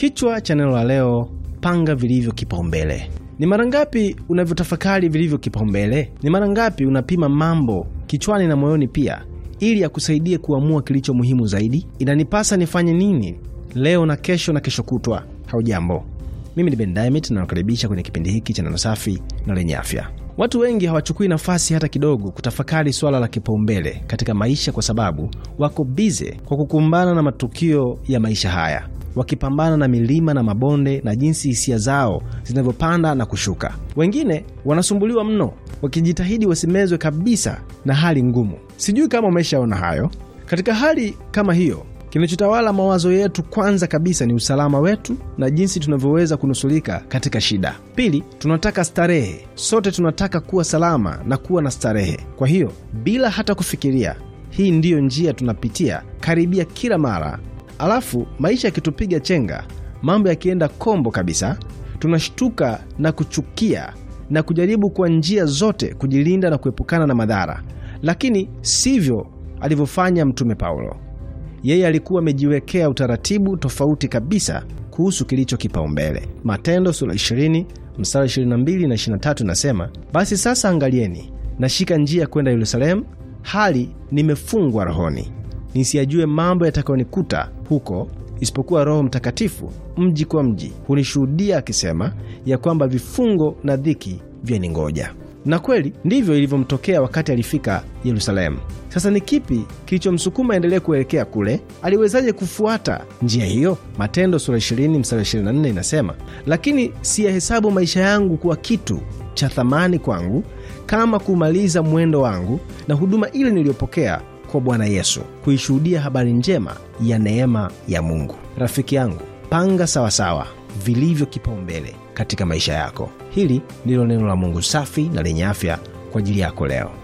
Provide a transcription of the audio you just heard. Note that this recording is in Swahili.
Kichwa cha neno la leo, panga vilivyo kipaumbele. Ni mara ngapi unavyotafakari vilivyo kipaumbele? Ni mara ngapi unapima mambo kichwani na moyoni pia, ili akusaidie kuamua kilicho muhimu zaidi? Inanipasa nifanye nini leo na kesho na kesho kutwa? Haujambo, mimi ni Ben Diamond, nawakaribisha kwenye kipindi hiki cha neno safi na lenye afya. Watu wengi hawachukui nafasi hata kidogo kutafakari swala la kipaumbele katika maisha, kwa sababu wako bize kwa kukumbana na matukio ya maisha haya wakipambana na milima na mabonde na jinsi hisia zao zinavyopanda na kushuka. Wengine wanasumbuliwa mno, wakijitahidi wasimezwe kabisa na hali ngumu. Sijui kama umeshaona hayo. Katika hali kama hiyo, kinachotawala mawazo yetu kwanza kabisa ni usalama wetu na jinsi tunavyoweza kunusulika katika shida. Pili, tunataka starehe. Sote tunataka kuwa salama na kuwa na starehe. Kwa hiyo, bila hata kufikiria, hii ndiyo njia tunapitia karibia kila mara Alafu maisha yakitupiga chenga, mambo yakienda kombo kabisa, tunashtuka na kuchukia na kujaribu kwa njia zote kujilinda na kuepukana na madhara, lakini sivyo alivyofanya Mtume Paulo. Yeye alikuwa amejiwekea utaratibu tofauti kabisa kuhusu kilicho kipaumbele. Matendo sura 20 msara 22 na 23 nasema, basi sasa angalieni, nashika njia kwenda Yerusalemu, hali nimefungwa rohoni nisiyajue mambo yatakayonikuta huko, isipokuwa Roho Mtakatifu mji kwa mji hunishuhudia akisema ya kwamba vifungo na dhiki vyaningoja. Na kweli ndivyo ilivyomtokea wakati alifika Yerusalemu. Sasa ni kipi kilichomsukuma aendelee kuelekea kule? Aliwezaje kufuata njia hiyo? Matendo sura 20 mstari 24 inasema, lakini siyahesabu maisha yangu kuwa kitu cha thamani kwangu kama kumaliza mwendo wangu na huduma ile niliyopokea kwa Bwana Yesu kuishuhudia habari njema ya neema ya Mungu. Rafiki yangu, panga sawasawa vilivyo kipaumbele katika maisha yako. Hili ndilo neno la Mungu safi na lenye afya kwa ajili yako leo.